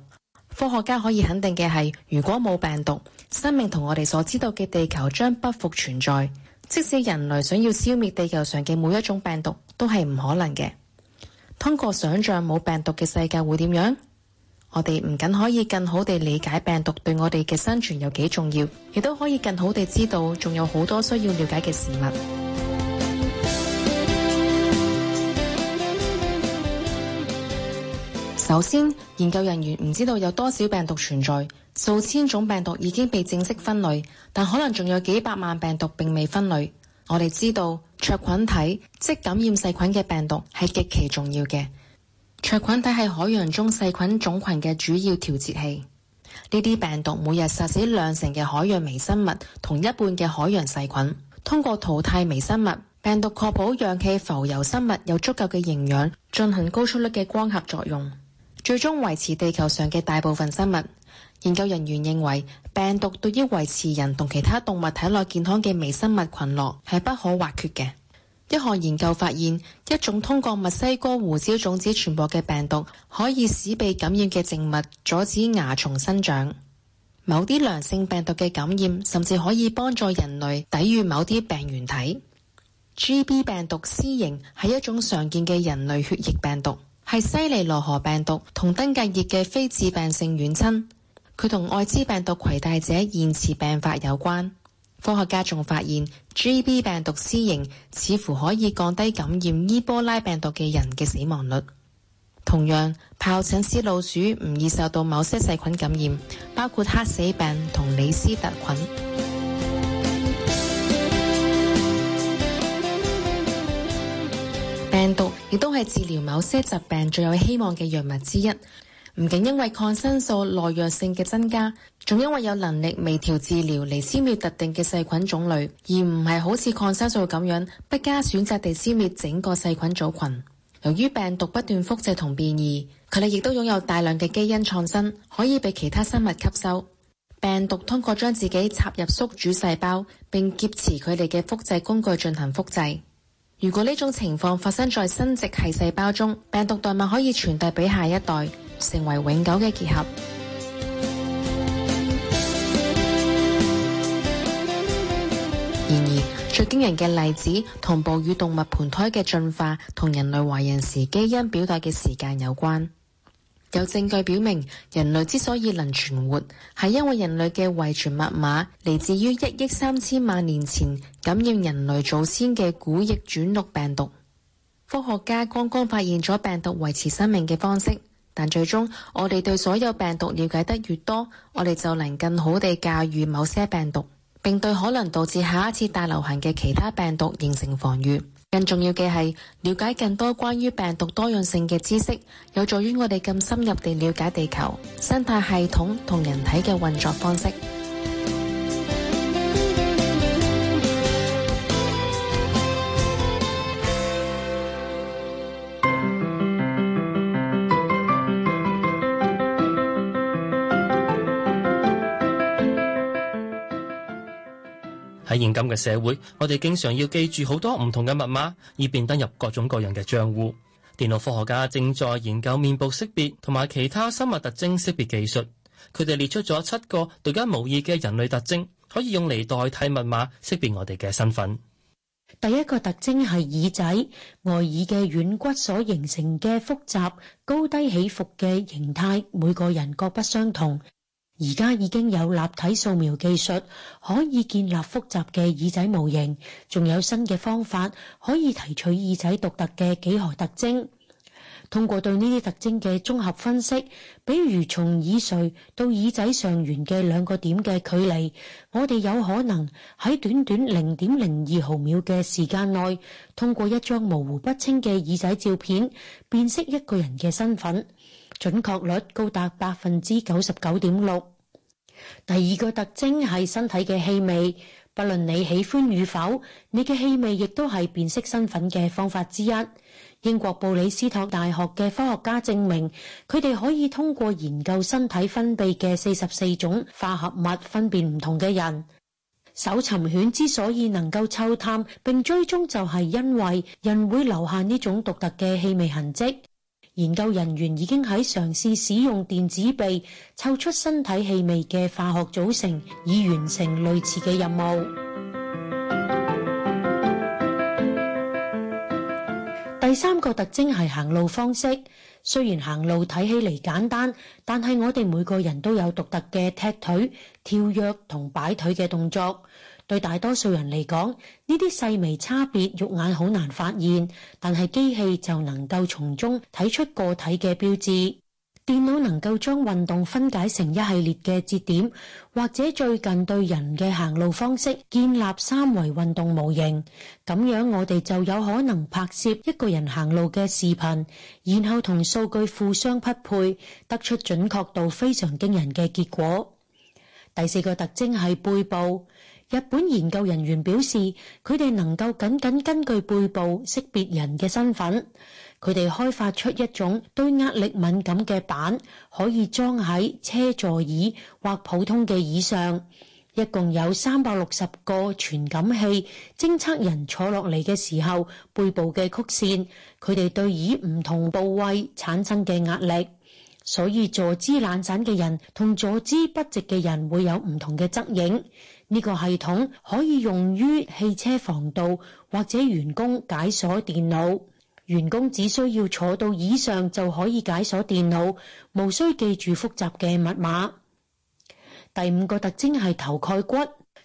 科學家可以肯定嘅係，如果冇病毒，生命同我哋所知道嘅地球將不復存在。即使人類想要消滅地球上嘅每一種病毒，都係唔可能嘅。通過想象冇病毒嘅世界會點樣？我哋唔僅可以更好地理解病毒對我哋嘅生存有幾重要，亦都可以更好地知道仲有好多需要了解嘅事物。首先，研究人員唔知道有多少病毒存在。數千種病毒已經被正式分類，但可能仲有幾百萬病毒並未分類。我哋知道，噬菌體即感染細菌嘅病毒係極其重要嘅。噬菌體係海洋中細菌種群嘅主要調節器。呢啲病毒每日殺死兩成嘅海洋微生物，同一半嘅海洋細菌。通過淘汰微生物，病毒確保氧氣浮游生物有足夠嘅營養，進行高速率嘅光合作用，最終維持地球上嘅大部分生物。研究人員認為，病毒對於維持人同其他動物體內健康嘅微生物群落係不可或缺嘅。一項研究發現，一種通過墨西哥胡椒種子傳播嘅病毒可以使被感染嘅植物阻止蚜蟲生長。某啲良性病毒嘅感染甚至可以幫助人類抵禦某啲病原體。GB 病毒 C 型係一種常見嘅人類血液病毒，係西尼羅河病毒同登革熱嘅非致病性遠親。佢同艾滋病毒攜帶者延遲病發有關。科學家仲發現，G B 病毒 C 型似乎可以降低感染伊波拉病毒嘅人嘅死亡率。同樣，疱疹絲老鼠唔易受到某些細菌感染，包括黑死病同李斯特菌病毒，亦都係治療某些疾病最有希望嘅藥物之一。唔僅因為抗生素耐藥性嘅增加，仲因為有能力微調治療嚟消滅特定嘅細菌種類，而唔係好似抗生素咁樣不加選擇地消滅整個細菌組群。由於病毒不斷複製同變異，佢哋亦都擁有大量嘅基因創新，可以被其他生物吸收。病毒通過將自己插入宿主細胞，並劫持佢哋嘅複製工具進行複製。如果呢種情況發生在生殖系細胞中，病毒代碼可以傳遞俾下一代。成為永久嘅結合。然而，最驚人嘅例子同哺乳動物胚胎嘅進化，同人類懷孕時基因表達嘅時間有關。有證據表明，人類之所以能存活，係因為人類嘅遺傳密碼嚟自於一億三千萬年前感染人類祖先嘅古逆轉錄病毒。科學家剛剛發現咗病毒維持生命嘅方式。但最終，我哋對所有病毒了解得越多，我哋就能更好地駕馭某些病毒，並對可能導致下一次大流行嘅其他病毒形成防禦。更重要嘅係，了解更多關於病毒多樣性嘅知識，有助於我哋更深入地了解地球，生態系統同人體嘅運作方式。嘅社會，我哋經常要記住好多唔同嘅密碼，以便登入各種各樣嘅賬戶。電腦科學家正在研究面部識別同埋其他生物特徵識別技術。佢哋列出咗七個獨一無二嘅人類特徵，可以用嚟代替密碼識別我哋嘅身份。第一個特徵係耳仔，外耳嘅軟骨所形成嘅複雜、高低起伏嘅形態，每個人各不相同。而家已經有立體掃描技術，可以建立複雜嘅耳仔模型，仲有新嘅方法可以提取耳仔獨特嘅幾何特徵。通過對呢啲特徵嘅綜合分析，比如從耳垂到耳仔上緣嘅兩個點嘅距離，我哋有可能喺短短零點零二毫秒嘅時間內，通過一張模糊不清嘅耳仔照片，辨識一個人嘅身份。準確率高達百分之九十九點六。第二個特徵係身體嘅氣味，不論你喜歡與否，你嘅氣味亦都係辨識身份嘅方法之一。英國布里斯托大學嘅科學家證明，佢哋可以通過研究身體分泌嘅四十四種化合物，分辨唔同嘅人。搜尋犬之所以能夠嗅探並追蹤，就係因為人會留下呢種獨特嘅氣味痕跡。研究人員已經喺嘗試使用電子鼻嗅出身體氣味嘅化學組成，以完成類似嘅任務。 *music* 第三個特徵係行路方式。雖然行路睇起嚟簡單，但係我哋每個人都有獨特嘅踢腿、跳躍同擺腿嘅動作。對大多數人嚟講，呢啲細微差別肉眼好難發現，但係機器就能夠從中睇出個體嘅標誌。電腦能夠將運動分解成一系列嘅節點，或者最近對人嘅行路方式建立三維運動模型。咁樣我哋就有可能拍攝一個人行路嘅視頻，然後同數據互相匹配，得出準確度非常驚人嘅結果。第四個特徵係背部。日本研究人員表示，佢哋能夠僅僅根據背部識別人嘅身份。佢哋開發出一種對壓力敏感嘅板，可以裝喺車座椅或普通嘅椅上。一共有三百六十個傳感器，偵測人坐落嚟嘅時候背部嘅曲線。佢哋對椅唔同部位產生嘅壓力，所以坐姿懶散嘅人同坐姿不直嘅人會有唔同嘅側影。呢個系統可以用於汽車防盜或者員工解鎖電腦。員工只需要坐到椅上就可以解鎖電腦，無需記住複雜嘅密碼。第五個特徵係頭蓋骨。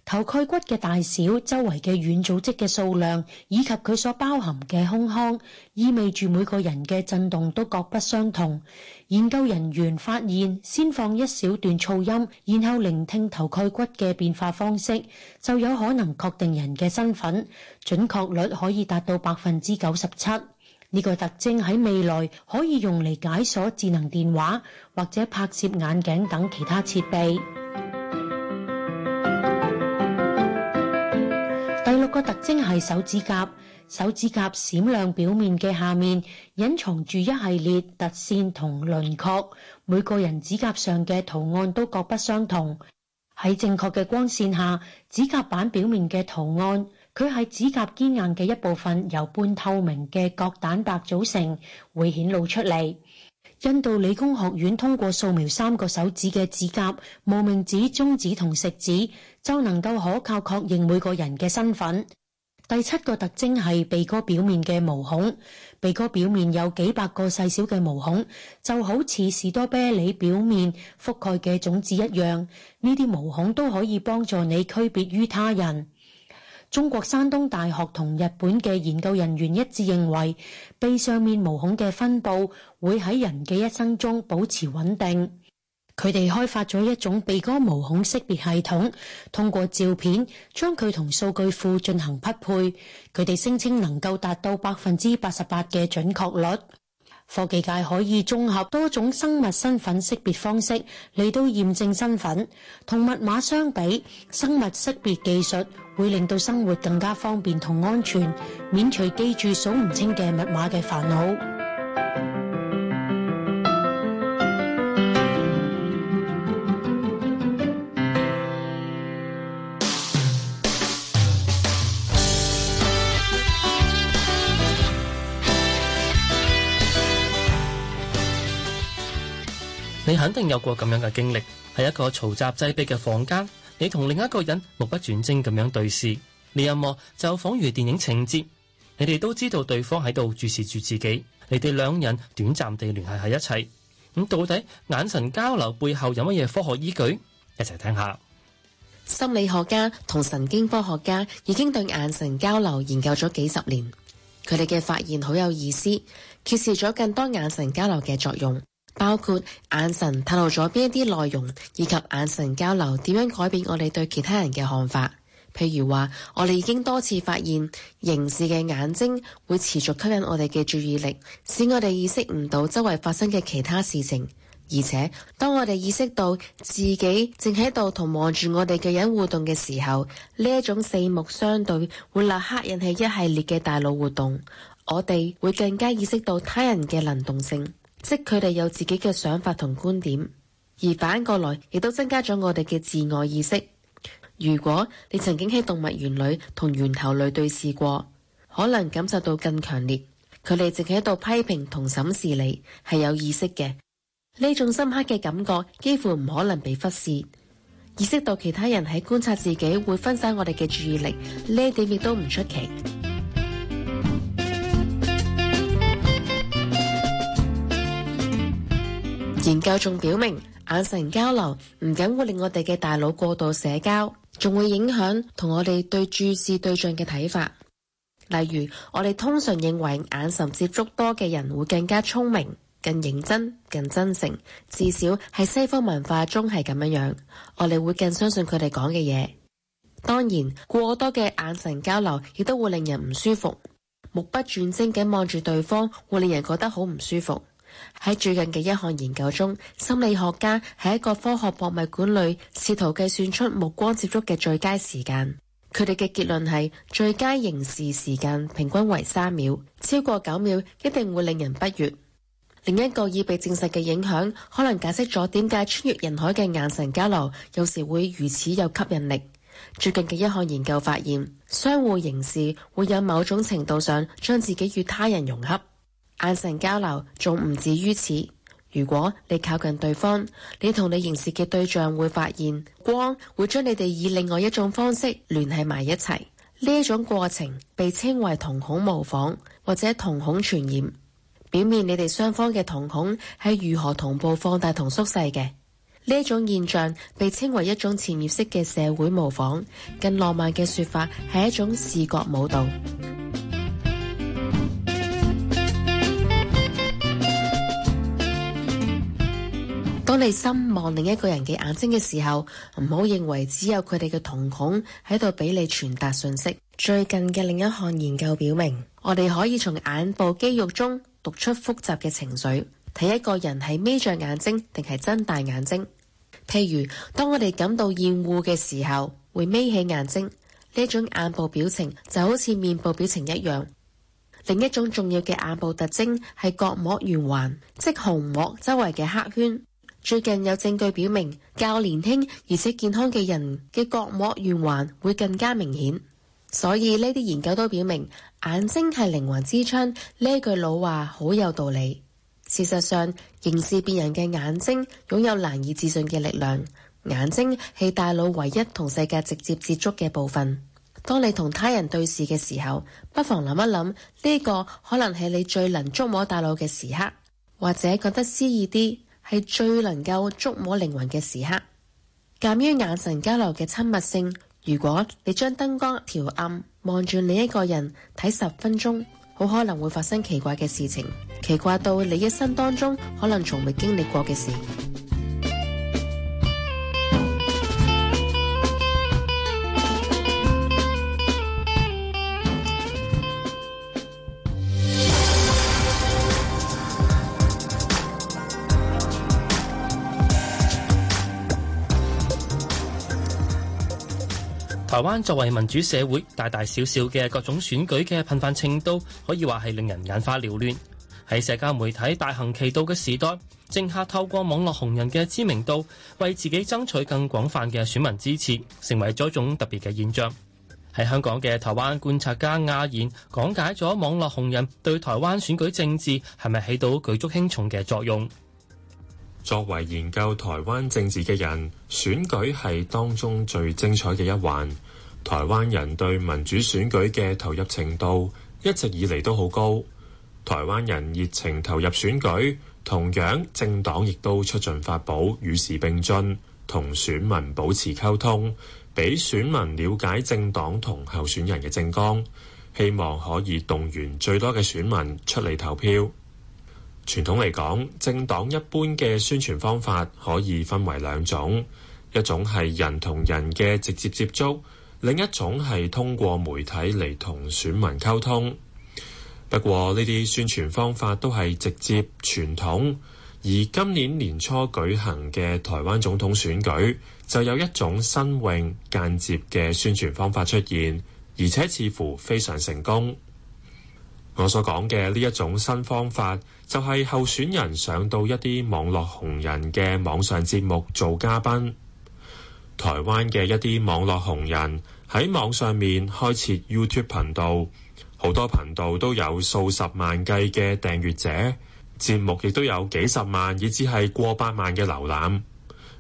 頭蓋骨嘅大小、周圍嘅軟組織嘅數量以及佢所包含嘅空腔，意味住每個人嘅震動都各不相同。研究人員發現，先放一小段噪音，然後聆聽頭蓋骨嘅變化方式，就有可能確定人嘅身份，準確率可以達到百分之九十七。呢、這個特徵喺未來可以用嚟解鎖智能電話或者拍攝眼鏡等其他設備。係手指甲。手指甲閃亮表面嘅下面隱藏住一系列特線同輪廓。每個人指甲上嘅圖案都各不相同。喺正確嘅光線下，指甲板表面嘅圖案，佢係指甲堅硬嘅一部分，由半透明嘅角蛋白組成，會顯露出嚟。印度理工學院通過掃描三個手指嘅指甲，無名指、中指同食指，就能夠可靠確認每個人嘅身份。第七個特徵係鼻哥表面嘅毛孔，鼻哥表面有幾百個細小嘅毛孔，就好似士多啤梨表面覆蓋嘅種子一樣。呢啲毛孔都可以幫助你區別於他人。中國山東大學同日本嘅研究人員一致認為，鼻上面毛孔嘅分佈會喺人嘅一生中保持穩定。佢哋開發咗一種鼻哥毛孔識別系統，通過照片將佢同數據庫進行匹配。佢哋聲稱能夠達到百分之八十八嘅準確率。科技界可以綜合多種生物身份識別方式嚟到驗證身份。同密碼相比，生物識別技術會令到生活更加方便同安全，免除記住數唔清嘅密碼嘅煩惱。你肯定有過咁樣嘅經歷，喺一個嘈雜擠逼嘅房間，你同另一個人目不轉睛咁樣對視，呢一幕就仿如電影情節。你哋都知道對方喺度注視住自己，你哋兩人短暫地聯繫喺一齊。咁到底眼神交流背後有乜嘢科學依據？一齊聽下。心理學家同神經科學家已經對眼神交流研究咗幾十年，佢哋嘅發現好有意思，揭示咗更多眼神交流嘅作用。包括眼神透露咗邊一啲內容，以及眼神交流點樣改變我哋對其他人嘅看法。譬如話，我哋已經多次發現凝視嘅眼睛會持續吸引我哋嘅注意力，使我哋意識唔到周圍發生嘅其他事情。而且，當我哋意識到自己正喺度同望住我哋嘅人互動嘅時候，呢一種四目相對會立刻引起一系列嘅大腦活動，我哋會更加意識到他人嘅能動性。即佢哋有自己嘅想法同觀點，而反過來亦都增加咗我哋嘅自我意識。如果你曾經喺動物園裏同猿猴類對視過，可能感受到更強烈。佢哋淨係喺度批評同審視你，係有意識嘅。呢種深刻嘅感覺幾乎唔可能被忽視。意識到其他人喺觀察自己，會分散我哋嘅注意力，呢點亦都唔出奇。研究仲表明，眼神交流唔僅會令我哋嘅大腦過度社交，仲會影響同我哋對注視對象嘅睇法。例如，我哋通常認為眼神接觸多嘅人會更加聰明、更認真、更真誠。至少喺西方文化中係咁樣樣，我哋會更相信佢哋講嘅嘢。當然，過多嘅眼神交流亦都會令人唔舒服。目不轉睛咁望住對方，會令人覺得好唔舒服。喺最近嘅一項研究中，心理學家喺一個科學博物館裏試圖計算出目光接觸嘅最佳時間。佢哋嘅結論係最佳凝視時間平均為三秒，超過九秒一定會令人不悦。另一個已被證實嘅影響，可能解釋咗點解穿越人海嘅眼神交流有時會如此有吸引力。最近嘅一項研究發現，相互凝視會有某種程度上將自己與他人融合。眼神交流仲唔止於此。如果你靠近對方，你同你凝視嘅對象會發現，光會將你哋以另外一種方式聯繫埋一齊。呢一種過程被稱為瞳孔模仿或者瞳孔傳染，表面你哋雙方嘅瞳孔係如何同步放大同縮細嘅。呢一種現象被稱為一種潛意識嘅社會模仿，更浪漫嘅說法係一種視覺舞蹈。當你深望另一個人嘅眼睛嘅時候，唔好認為只有佢哋嘅瞳孔喺度俾你傳達信息。最近嘅另一項研究表明，我哋可以從眼部肌肉中讀出複雜嘅情緒。睇一個人係眯着眼睛定係睜大眼睛，譬如當我哋感到厭惡嘅時候，會眯起眼睛。呢一種眼部表情就好似面部表情一樣。另一種重要嘅眼部特徵係角膜圓環，即虹膜周圍嘅黑圈。最近有證據表明，較年輕而且健康嘅人嘅角膜圓環會更加明顯。所以呢啲研究都表明，眼睛係靈魂之窗呢句老話好有道理。事實上，凝視別人嘅眼睛擁有難以置信嘅力量。眼睛係大腦唯一同世界直接接觸嘅部分。當你同他人對視嘅時候，不妨諗一諗呢個可能係你最能觸摸大腦嘅時刻，或者講得詩意啲。係最能夠觸摸靈魂嘅時刻，鑒於眼神交流嘅親密性，如果你將燈光調暗，望住你一個人睇十分鐘，好可能會發生奇怪嘅事情，奇怪到你一生當中可能從未經歷過嘅事。台灣作為民主社會，大大小小嘅各種選舉嘅頻繁程度可以話係令人眼花撩亂。喺社交媒體大行其道嘅時代，政客透過網絡紅人嘅知名度為自己爭取更廣泛嘅選民支持，成為咗一種特別嘅現象。喺香港嘅台灣觀察家亞然講解咗網絡紅人對台灣選舉政治係咪起到舉足輕重嘅作用。作為研究台灣政治嘅人，選舉係當中最精彩嘅一環。台灣人對民主選舉嘅投入程度一直以嚟都好高。台灣人熱情投入選舉，同樣政黨亦都出盡法寶，與時並進，同選民保持溝通，俾選民了解政黨同候選人嘅政綱，希望可以動員最多嘅選民出嚟投票。傳統嚟講，政黨一般嘅宣傳方法可以分為兩種，一種係人同人嘅直接接觸，另一種係通過媒體嚟同選民溝通。不過呢啲宣傳方法都係直接傳統，而今年年初舉行嘅台灣總統選舉就有一種新穎間接嘅宣傳方法出現，而且似乎非常成功。我所講嘅呢一種新方法，就係候選人上到一啲網絡紅人嘅網上節目做嘉賓。台灣嘅一啲網絡紅人喺網上面開設 YouTube 頻道，好多頻道都有數十萬計嘅訂閱者，節目亦都有幾十萬，以至係過百萬嘅瀏覽。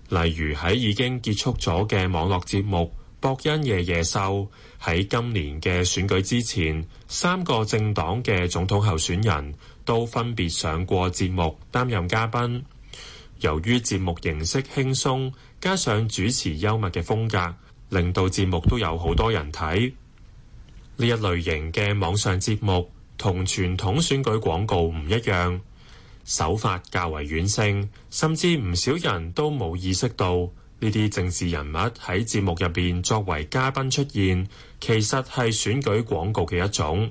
例如喺已經結束咗嘅網絡節目，博恩夜夜秀喺今年嘅選舉之前，三個政黨嘅總統候選人都分別上過節目擔任嘉賓。由於節目形式輕鬆，加上主持幽默嘅風格，令到節目都有好多人睇。呢一類型嘅網上節目同傳統選舉廣告唔一樣，手法較為軟性，甚至唔少人都冇意識到。呢啲政治人物喺節目入邊作為嘉賓出現，其實係選舉廣告嘅一種。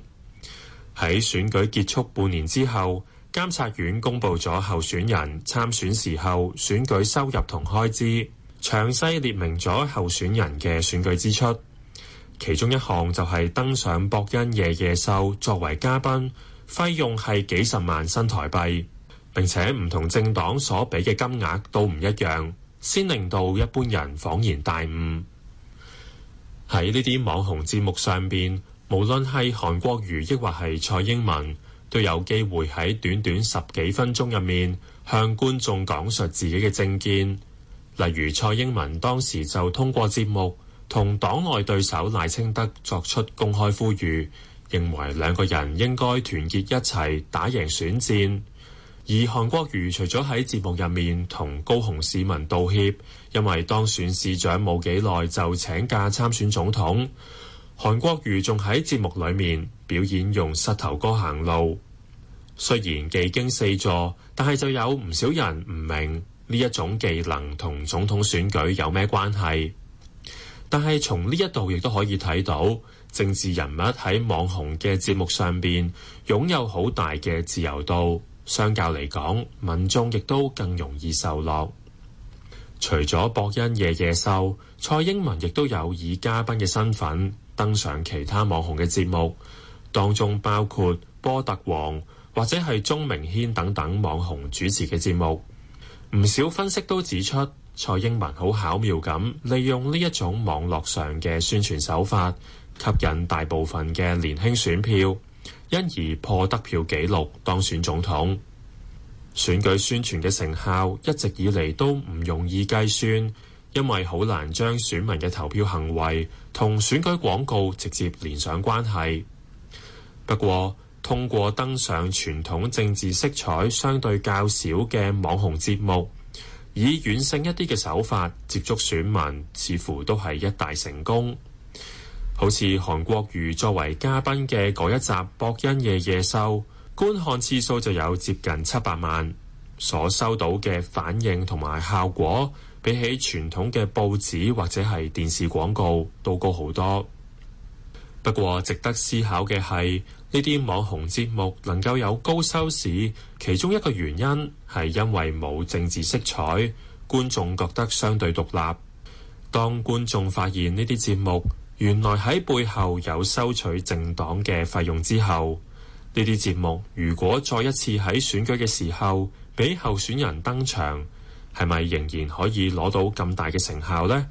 喺選舉結束半年之後，監察院公布咗候選人參選時候選舉收入同開支，詳細列明咗候選人嘅選舉支出。其中一項就係登上博恩夜夜秀作為嘉賓，費用係幾十萬新台幣，並且唔同政黨所俾嘅金額都唔一樣。先令到一般人恍然大悟。喺呢啲網紅節目上邊，無論係韓國瑜，抑或係蔡英文，都有機會喺短短十幾分鐘入面，向觀眾講述自己嘅政見。例如蔡英文當時就通過節目，同黨外對手賴清德作出公開呼籲，認為兩個人應該團結一齊打贏選戰。而韓國瑜除咗喺節目入面同高雄市民道歉，因為當選市長冇幾耐就請假參選總統。韓國瑜仲喺節目裡面表演用膝頭哥行路，雖然技驚四座，但係就有唔少人唔明呢一種技能同總統選舉有咩關係。但係從呢一度亦都可以睇到，政治人物喺網紅嘅節目上邊擁有好大嘅自由度。相較嚟講，民眾亦都更容易受落。除咗博恩夜夜秀，蔡英文亦都有以嘉賓嘅身份登上其他網紅嘅節目，當中包括波特王或者係鍾明軒等等網紅主持嘅節目。唔少分析都指出，蔡英文好巧妙咁利用呢一種網絡上嘅宣傳手法，吸引大部分嘅年輕選票。因而破得票紀錄當選總統，選舉宣傳嘅成效一直以嚟都唔容易計算，因為好難將選民嘅投票行為同選舉廣告直接連上關係。不過，通過登上傳統政治色彩相對較少嘅網紅節目，以軟性一啲嘅手法接觸選民，似乎都係一大成功。好似韓國瑜作為嘉賓嘅嗰一集《博恩夜夜秀》，觀看次數就有接近七百萬，所收到嘅反應同埋效果，比起傳統嘅報紙或者係電視廣告都高好多。不過，值得思考嘅係呢啲網紅節目能夠有高收視，其中一個原因係因為冇政治色彩，觀眾覺得相對獨立。當觀眾發現呢啲節目，原來喺背後有收取政黨嘅費用之後，呢啲節目如果再一次喺選舉嘅時候俾候選人登場，係咪仍然可以攞到咁大嘅成效呢？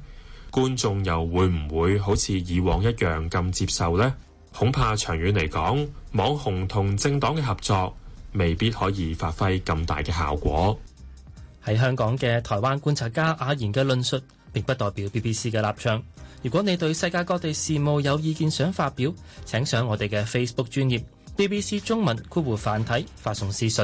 觀眾又會唔會好似以往一樣咁接受呢？恐怕長遠嚟講，網紅同政黨嘅合作未必可以發揮咁大嘅效果。喺香港嘅台灣觀察家阿言嘅論述，並不代表 BBC 嘅立場。如果你對世界各地事務有意見想發表，請上我哋嘅 Facebook 專頁 BBC 中文括弧繁體發送私信。 *music*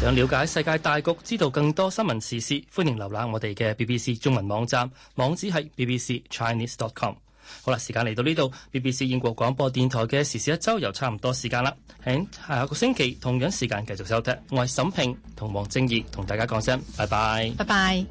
想了解世界大局，知道更多新聞時事，歡迎瀏覽我哋嘅 BBC 中文網站，網址係 BBC Chinese dot com。好啦，時間嚟到呢度，BBC 英國廣播電台嘅時事一周又差唔多時間啦。喺下個星期同樣時間繼續收聽，我係沈平同王正義同大家講聲，拜拜，拜拜。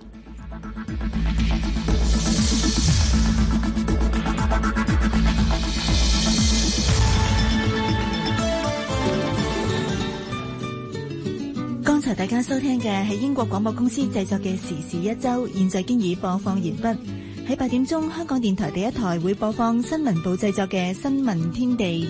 剛才大家收聽嘅係英國廣播公司製作嘅時事一周，現在經已播放完畢。喺八點鐘，香港電台第一台會播放新聞部製作嘅《新聞天地》。